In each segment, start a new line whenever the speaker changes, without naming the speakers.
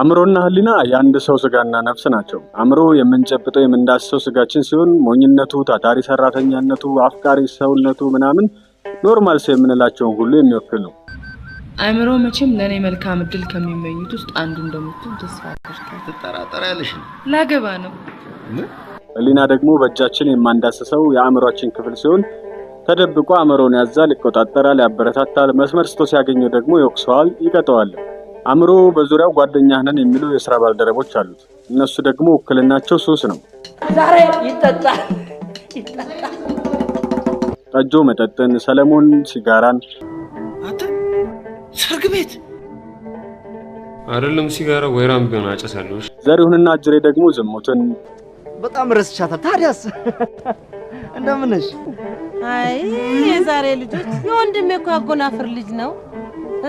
አእምሮና ህሊና የአንድ ሰው ስጋና ነፍስ ናቸው። አእምሮ የምንጨብጠው የምንዳስሰው ስጋችን ሲሆን ሞኝነቱ፣ ታታሪ ሰራተኛነቱ፣ አፍቃሪ ሰውነቱ ምናምን ኖርማል ሰው የምንላቸውን ሁሉ የሚወክል ነው።
አእምሮ መቼም ለእኔ መልካም እድል ከሚመኙት ውስጥ አንዱ እንደምትሆን ተስፋ ያለሽ ነው። ላገባ ነው።
ህሊና ደግሞ በእጃችን የማንዳስሰው የአእምሯችን ክፍል ሲሆን ተደብቆ አእምሮን ያዛል፣ ይቆጣጠራል፣ ያበረታታል። መስመር ስቶ ሲያገኘው ደግሞ ይወቅሰዋል፣ ይቀጠዋል። አእምሮ በዙሪያው ጓደኛህ ነን የሚሉ የስራ ባልደረቦች አሉት። እነሱ ደግሞ ውክልናቸው ሱስ ነው።
ዛሬ ይጠጣል።
ጠጆ መጠጥን፣ ሰለሞን ሲጋራን፣
ሰርግ ቤት
አይደለም ሲጋራ ወይራም ቢሆን አጨሳለሁ።
ዘሪሁንና አጅሬ ደግሞ ዝሙትን
በጣም ረስቻታል። ታዲያስ እንደምንሽ
አይ የዛሬ ልጆች የወንድሜ እኮ ያጎናፍር ልጅ ነው።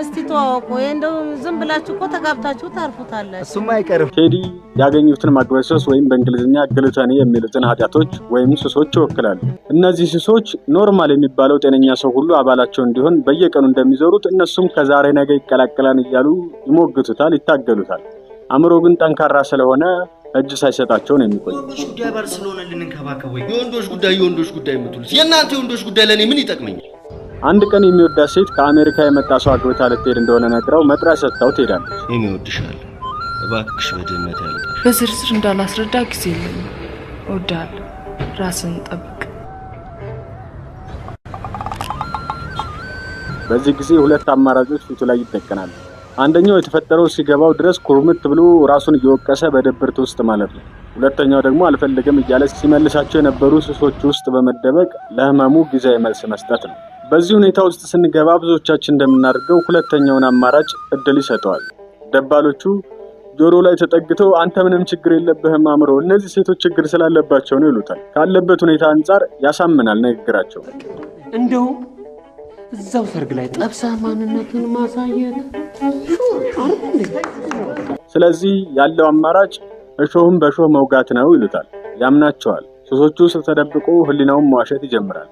እስቲ ተዋወቁ። እንደው ዝም ብላችሁ እኮ ተጋብታችሁ ታርፉታላችሁ።
እሱም አይቀርም።
ቴዲ ያገኙትን ማግባት ወይም በእንግሊዝኛ ግሉተኒ የሚሉትን ኃጢአቶች ወይም ሱሶች ይወክላሉ። እነዚህ ስሶች ኖርማል የሚባለው ጤነኛ ሰው ሁሉ አባላቸው እንዲሆን በየቀኑ እንደሚዞሩት እነሱም ከዛሬ ነገ ይቀላቀላል እያሉ ይሞግቱታል፣ ይታገሉታል። አእምሮ ግን ጠንካራ ስለሆነ እጅ ሳይሰጣቸው ነው የሚቆይ።
ጉዳይ ባል ስለሆነ ልንንከባከብ የወንዶች ጉዳይ የወንዶች ጉዳይ የምትሉት የእናንተ የወንዶች ጉዳይ ለእኔ ምን ይጠቅመኛል?
አንድ ቀን የሚወዳት ሴት ከአሜሪካ የመጣ ሰው አግብታ ልትሄድ እንደሆነ ነግረው መጥሪያ ሰጥታው ትሄዳለች።
ይወድሻል፣ እባክሽ በድህነት ያልቃል።
በዝርዝር እንዳላስረዳ ጊዜ የለም። እወድሃለሁ፣ ራስን ጠብቅ።
በዚህ ጊዜ ሁለት አማራጮች ፊቱ ላይ ይደቀናሉ። አንደኛው የተፈጠረው ሲገባው ድረስ ኩርምት ብሎ ራሱን እየወቀሰ በድብርት ውስጥ ማለት ነው። ሁለተኛው ደግሞ አልፈልግም እያለ ሲመልሳቸው የነበሩ ስሶች ውስጥ በመደበቅ ለህመሙ ጊዜያዊ መልስ መስጠት ነው። በዚህ ሁኔታ ውስጥ ስንገባ ብዙዎቻችን እንደምናደርገው ሁለተኛውን አማራጭ እድል ይሰጠዋል። ደባሎቹ ጆሮ ላይ ተጠግተው አንተ ምንም ችግር የለብህም አእምሮ፣ እነዚህ ሴቶች ችግር ስላለባቸው ነው ይሉታል። ካለበት ሁኔታ አንጻር ያሳምናል ንግግራቸው
እንደው እዛው ሰርግ ላይ ጠብሳ ማንነትን ማሳየት
ስለዚህ ያለው አማራጭ እሾህም በሾህ መውጋት ነው ይሉታል። ያምናቸዋል። ሱሶቹ ውስጥ ተደብቆ ህሊናውን መዋሸት ይጀምራል።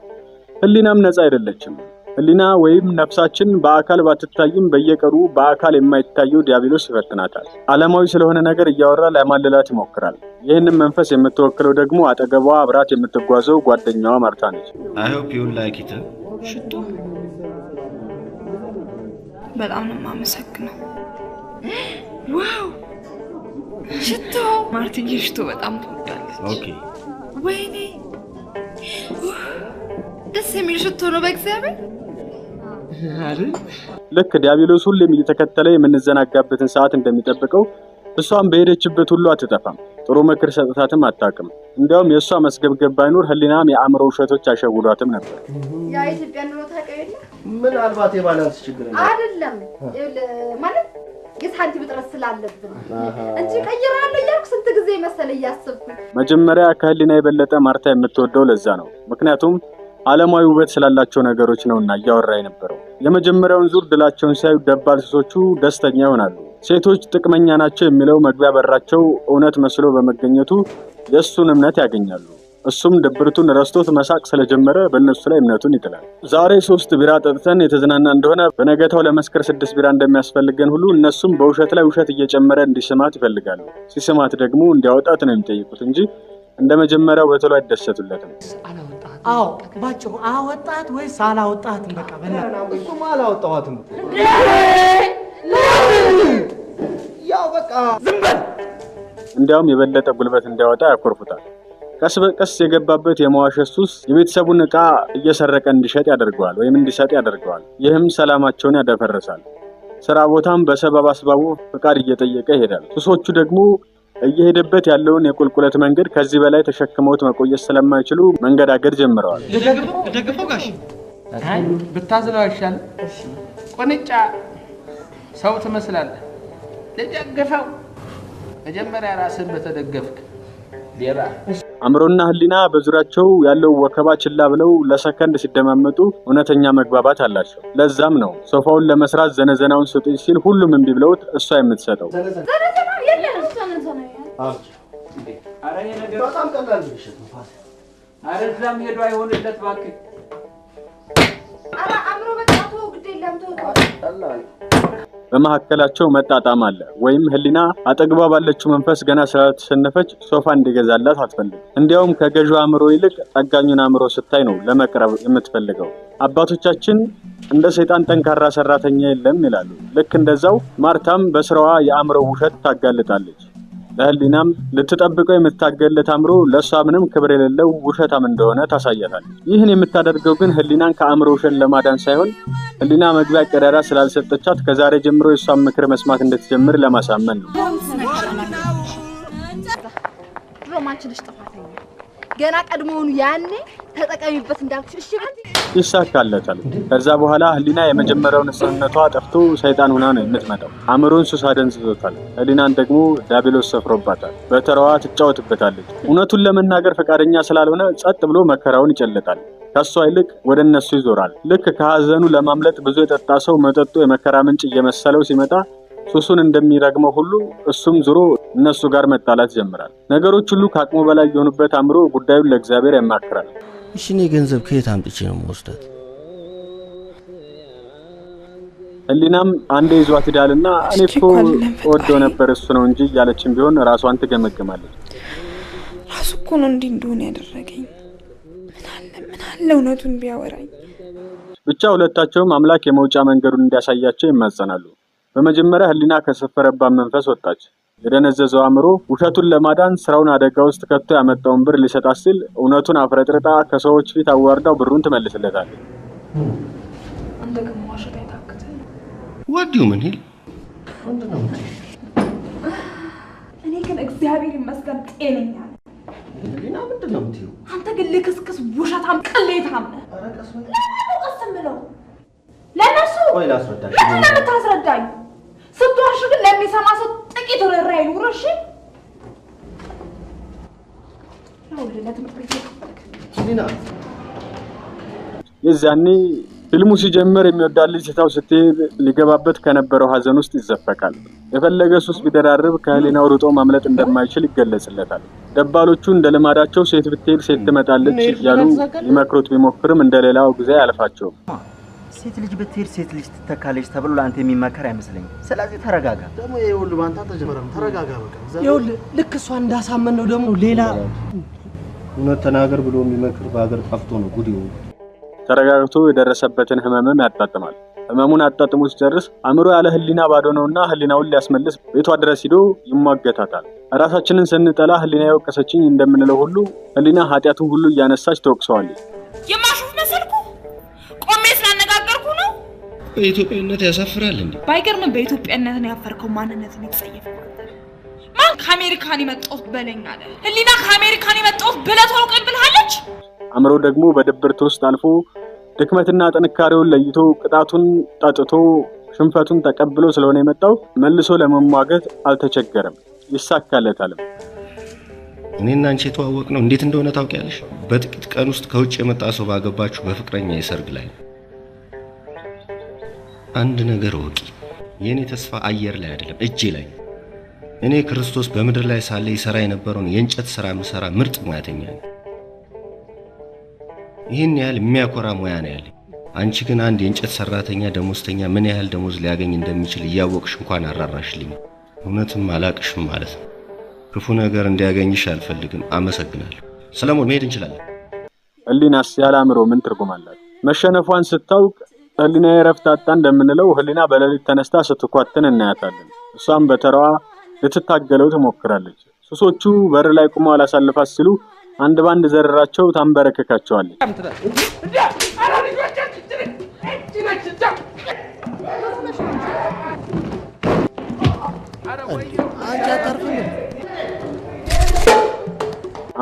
ህሊናም ነፃ አይደለችም። ህሊና ወይም ነፍሳችን በአካል ባትታይም በየቀሩ በአካል የማይታየው ዲያብሎስ ይፈትናታል። ዓለማዊ ስለሆነ ነገር እያወራ ለማለላት ይሞክራል። ይህንን መንፈስ የምትወክለው ደግሞ አጠገቧ አብራት የምትጓዘው ጓደኛዋ ማርታ ነች።
በጣም ነው የማመሰግነው። ዋው ሽቶ ማርትዬ፣ ሽቶ በጣም ትወዳለች። ኦኬ ወይኔ ደስ የሚል ሽቶ ነው በእግዚአብሔር
አይደል? ልክ ዲያብሎስ ሁሌም እየተከተለ የምንዘናጋበትን ሰዓት እንደሚጠብቀው እሷም በሄደችበት ሁሉ አትጠፋም። ጥሩ ምክር ሰጥታትም አታውቅም። እንዲያውም የእሷ መስገብገብ ባይኖር ህሊናም የአእምሮ ውሸቶች አይሸውዷትም ነበር።
ያ ኢትዮጵያ ኑሮ ታውቀው
ምናልባት የባላንስ
ችግር አይደለም ማለት የሳንቲም እጥረት ስላለብን እንጂ ቀይራለሁ እያልኩ ስንት ጊዜ መሰለ እያስብኩ።
መጀመሪያ ከህሊና የበለጠ ማርታ የምትወደው ለዛ ነው። ምክንያቱም አለማዊ ውበት ስላላቸው ነገሮች ነውና እያወራ የነበረው። የመጀመሪያውን ዙር ድላቸውን ሲያዩ ደባል ስሶቹ ደስተኛ ይሆናሉ። ሴቶች ጥቅመኛ ናቸው የሚለው መግቢያ በራቸው እውነት መስሎ በመገኘቱ የእሱን እምነት ያገኛሉ። እሱም ድብርቱን ረስቶት መሳቅ ስለጀመረ በእነሱ ላይ እምነቱን ይጥላል። ዛሬ ሶስት ቢራ ጠጥተን የተዝናና እንደሆነ በነገታው ለመስከር ስድስት ቢራ እንደሚያስፈልገን ሁሉ እነሱም በውሸት ላይ ውሸት እየጨመረ እንዲስማት ይፈልጋሉ። ሲስማት ደግሞ እንዲያወጣት ነው የሚጠይቁት እንጂ እንደ መጀመሪያው በቶሎ አይደሰቱለትም።
አዎ ባጭሩ አወጣት ወይስ አላወጣትም?
በቃ በላ እሱማ አላወጣዋትም። ዝም በል።
እንዲያውም የበለጠ ጉልበት እንዲያወጣ ያኮርፉታል። ቀስ በቀስ የገባበት የመዋሸት ሱስ የቤተሰቡን ዕቃ እየሰረቀ እንዲሸጥ ያደርገዋል ወይም እንዲሰጥ ያደርገዋል። ይህም ሰላማቸውን ያደፈርሳል። ስራ ቦታም በሰበብ አስባቡ ፍቃድ እየጠየቀ ይሄዳል። ሱሶቹ ደግሞ እየሄደበት ያለውን የቁልቁለት መንገድ ከዚህ በላይ ተሸክመውት መቆየት ስለማይችሉ መንገዳገድ ጀምረዋል።
ጋሽ
ብታዝለው አይሻልም? ቁንጫ ሰው ትመስላለህ። ልደግፈው። መጀመሪያ ራስን በተደገፍክ ሌባ
አእምሮና ህሊና በዙሪያቸው ያለው ወከባ ችላ ብለው ለሰከንድ ሲደማመጡ እውነተኛ መግባባት አላቸው። ለዛም ነው ሶፋውን ለመስራት ዘነዘናውን ስጡኝ ሲል ሁሉም እምቢ ብለውት እሷ የምትሰጠው በመካከላቸው መጣጣም አለ። ወይም ህሊና አጠግቧ ባለችው መንፈስ ገና ስላልተሸነፈች ሶፋ እንዲገዛላት አትፈልግ። እንዲያውም ከገዢው አእምሮ ይልቅ ጠጋኙን አእምሮ ስታይ ነው ለመቅረብ የምትፈልገው። አባቶቻችን እንደ ሰይጣን ጠንካራ ሰራተኛ የለም ይላሉ። ልክ እንደዛው ማርታም በስራዋ የአእምሮ ውሸት ታጋልጣለች። ለህሊናም ልትጠብቀው የምታገልለት አእምሮ ለእሷ ምንም ክብር የሌለው ውሸታም እንደሆነ ታሳያታል። ይህን የምታደርገው ግን ህሊናን ከአእምሮ ውሸት ለማዳን ሳይሆን ህሊና መግቢያ ቀዳዳ ስላልሰጠቻት ከዛሬ ጀምሮ የእሷን ምክር መስማት እንድትጀምር ለማሳመን ነው።
ገና ቀድሞውኑ ያኔ ተጠቀሚበት እንዳልኩሽ። እሺ
ይሳካለታል። ከዛ በኋላ ህሊና የመጀመሪያው ንጽህነቷ ጠፍቶ ሰይጣን ሆና ነው የምትመጣው። አእምሮን ሱስ አደንዝዞታል። ህሊናን ደግሞ ዳቢሎስ ሰፍሮባታል። በተራዋ ትጫወትበታለች። እውነቱን ለመናገር ፈቃደኛ ስላልሆነ ጸጥ ብሎ መከራውን ይጨልጣል። ከእሷ ይልቅ ወደ እነሱ ይዞራል። ልክ ከሀዘኑ ለማምለጥ ብዙ የጠጣ ሰው መጠጡ የመከራ ምንጭ እየመሰለው ሲመጣ ሱሱን እንደሚረግመው ሁሉ እሱም ዞሮ እነሱ ጋር መጣላት ይጀምራል። ነገሮች ሁሉ ከአቅሙ በላይ የሆኑበት አእምሮ ጉዳዩን ለእግዚአብሔር ያማክራል።
እሺ እኔ ገንዘብ ከየት አምጥቼ ነው መወስደት?
ህሊናም አንዴ ይዟት ሂዳልና እኔ እኮ ወደው ነበር እሱ ነው እንጂ እያለችን ቢሆን ራሷን ትገመግማለች።
ራሱ እኮ ነው እንዲህ እንደሆነ ያደረገኝ። ምናለ እውነቱን ቢያወራኝ።
ብቻ ሁለታቸውም አምላክ የመውጫ መንገዱን እንዲያሳያቸው ይማጸናሉ። በመጀመሪያ ህሊና ከሰፈረባት መንፈስ ወጣች። የደነዘዘው አእምሮ ውሸቱን ለማዳን ስራውን አደጋ ውስጥ ከቶ ያመጣውን ብር ሊሰጣት ሲል እውነቱን አፍረጥርጣ ከሰዎች ፊት አዋርዳው ብሩን ትመልስለታል።
ወዲሁ ምን ይል
እኔ ግን እግዚአብሔር ይመስገን ጤነኛ አንተ ግን ልክስክስ ውሸታም ቅሌታም ለእነሱ ለምን ምታስረዳኝ? ስትወርሽ ግን ለሚሰማ ሰው ጥቂት ርራ ይኑረሽ።
የዚያኔ ፊልሙ ሲጀምር የሚወዳት ልጅ ስታው ስትሄድ ሊገባበት ከነበረው ሀዘን ውስጥ ይዘፈቃል። የፈለገ ሱስ ቢደራርብ ከህሊናው ርጦ ማምለጥ እንደማይችል ይገለጽለታል። ደባሎቹ እንደ ልማዳቸው ሴት ብትሄድ ሴት ትመጣለች እያሉ ሊመክሩት ቢሞክርም እንደሌላው ጊዜ አያልፋቸውም።
ሴት ልጅ ብትሄድ ሴት ልጅ ትተካለች ተብሎ ለአንተ የሚመከር አይመስለኝም። ስለዚህ ተረጋጋ።
ደግሞ ይኸውልህ በአንተ አልተጀመረም። ተረጋጋ በቃ።
ይኸውልህ ልክ እሷ እንዳሳመን ነው ደግሞ ሌላ
እውነት ተናገር ብሎ የሚመክር በሀገር ጠፍቶ ነው ጉድ። ይኸውልህ
ተረጋግቶ የደረሰበትን ህመምም ያጣጥማል። ህመሙን አጣጥሞ ሲጨርስ አእምሮ ያለ ህሊና ባዶ ነውና ህሊናውን ሊያስመልስ ቤቷ ድረስ ሂዶ ይሟገታታል። ራሳችንን ስንጠላ ህሊና የወቀሰችኝ እንደምንለው ሁሉ ህሊና ኃጢአቱን ሁሉ እያነሳች ተወቅሰዋለች።
በኢትዮጵያነት ያሳፍራል እንዴ?
ባይገርም በኢትዮጵያነት ነው ያፈርከው። ማንነት ነው የተጸየፈው። ማን ከአሜሪካን የመጣሁት በለኝ አለ። ህሊና ከአሜሪካን የመጣሁት ብለህ ቶሎ ቆይ ብልሃለች።
አእምሮ ደግሞ በድብርት ውስጥ አልፎ ድክመትና ጥንካሬውን ለይቶ ቅጣቱን ጠጥቶ ሽንፈቱን ተቀብሎ ስለሆነ የመጣው መልሶ ለመሟገት አልተቸገረም፣ ይሳካለታልም።
እኔና አንቺ የተዋወቅ ነው እንዴት እንደሆነ ታውቂያለሽ። በጥቂት ቀን ውስጥ ከውጭ የመጣ ሰው ባገባችሁ በፍቅረኛ የሰርግ ላይ ነው። አንድ ነገር እወቂ፣ የእኔ ተስፋ አየር ላይ አይደለም፣ እጄ ላይ እኔ ክርስቶስ በምድር ላይ ሳለ ይሰራ የነበረውን የእንጨት ሥራ ምሰራ ምርጥ ሙያተኛ ነኝ። ይህን ያህል የሚያኮራ ሙያ ነው ያለኝ። አንቺ ግን አንድ የእንጨት ሰራተኛ ደሞዝተኛ ምን ያህል ደሞዝ ሊያገኝ እንደሚችል እያወቅሽ እንኳን አራራሽልኝ። እውነትም አላቅሽም ማለት ነው። ክፉ ነገር እንዲያገኝሽ አልፈልግም። አመሰግናለሁ። ሰለሞን፣ መሄድ እንችላለን።
ህሊናስ ያለ አእምሮ ምን ትርጉም አላት? መሸነፏን ስታውቅ ህሊና የረፍታታ አጣ እንደምንለው ህሊና በሌሊት ተነስታ ስትኳትን እናያታለን። እሷም በተራዋ ልትታገለው ትሞክራለች። ሱሶቹ በር ላይ ቁመው አላሳልፋት ሲሉ አንድ ባንድ ዘረራቸው ታንበረከካቸዋለች።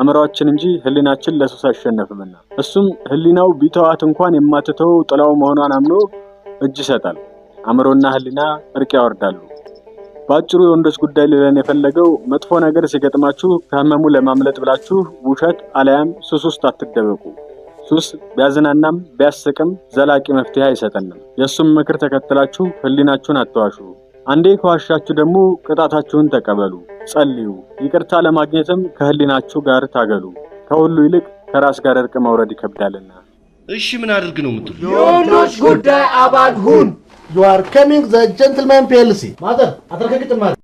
አእምሯችን እንጂ ህሊናችን ለሱስ አይሸነፍምና እሱም ህሊናው ቢተዋት እንኳን የማትተው ጥላው መሆኗን አምኖ እጅ ይሰጣል። አእምሮና ህሊና እርቅ ያወርዳሉ። በአጭሩ የወንዶች ጉዳይ ሊለን የፈለገው መጥፎ ነገር ሲገጥማችሁ ከህመሙ ለማምለጥ ብላችሁ ውሸት አለያም ሱስ ውስጥ አትደበቁ። ሱስ ቢያዝናናም ቢያስቅም ዘላቂ መፍትሄ አይሰጠንም። የእሱም ምክር ተከትላችሁ ህሊናችሁን አተዋሹ። አንዴ ከዋሻችሁ ደግሞ ቅጣታችሁን ተቀበሉ። ጸልዩ፣ ይቅርታ ለማግኘትም ከህሊናችሁ ጋር ታገሉ። ከሁሉ ይልቅ ከራስ ጋር እርቅ መውረድ ይከብዳልና።
እሺ ምን አድርግ ነው የምትሉ?
የወንዶች ጉዳይ አባል ሁን። ዩ አር ከሚንግ ዘ ጀንትልማን ፒ ኤል ሲ ማዘር አትረከግጥማ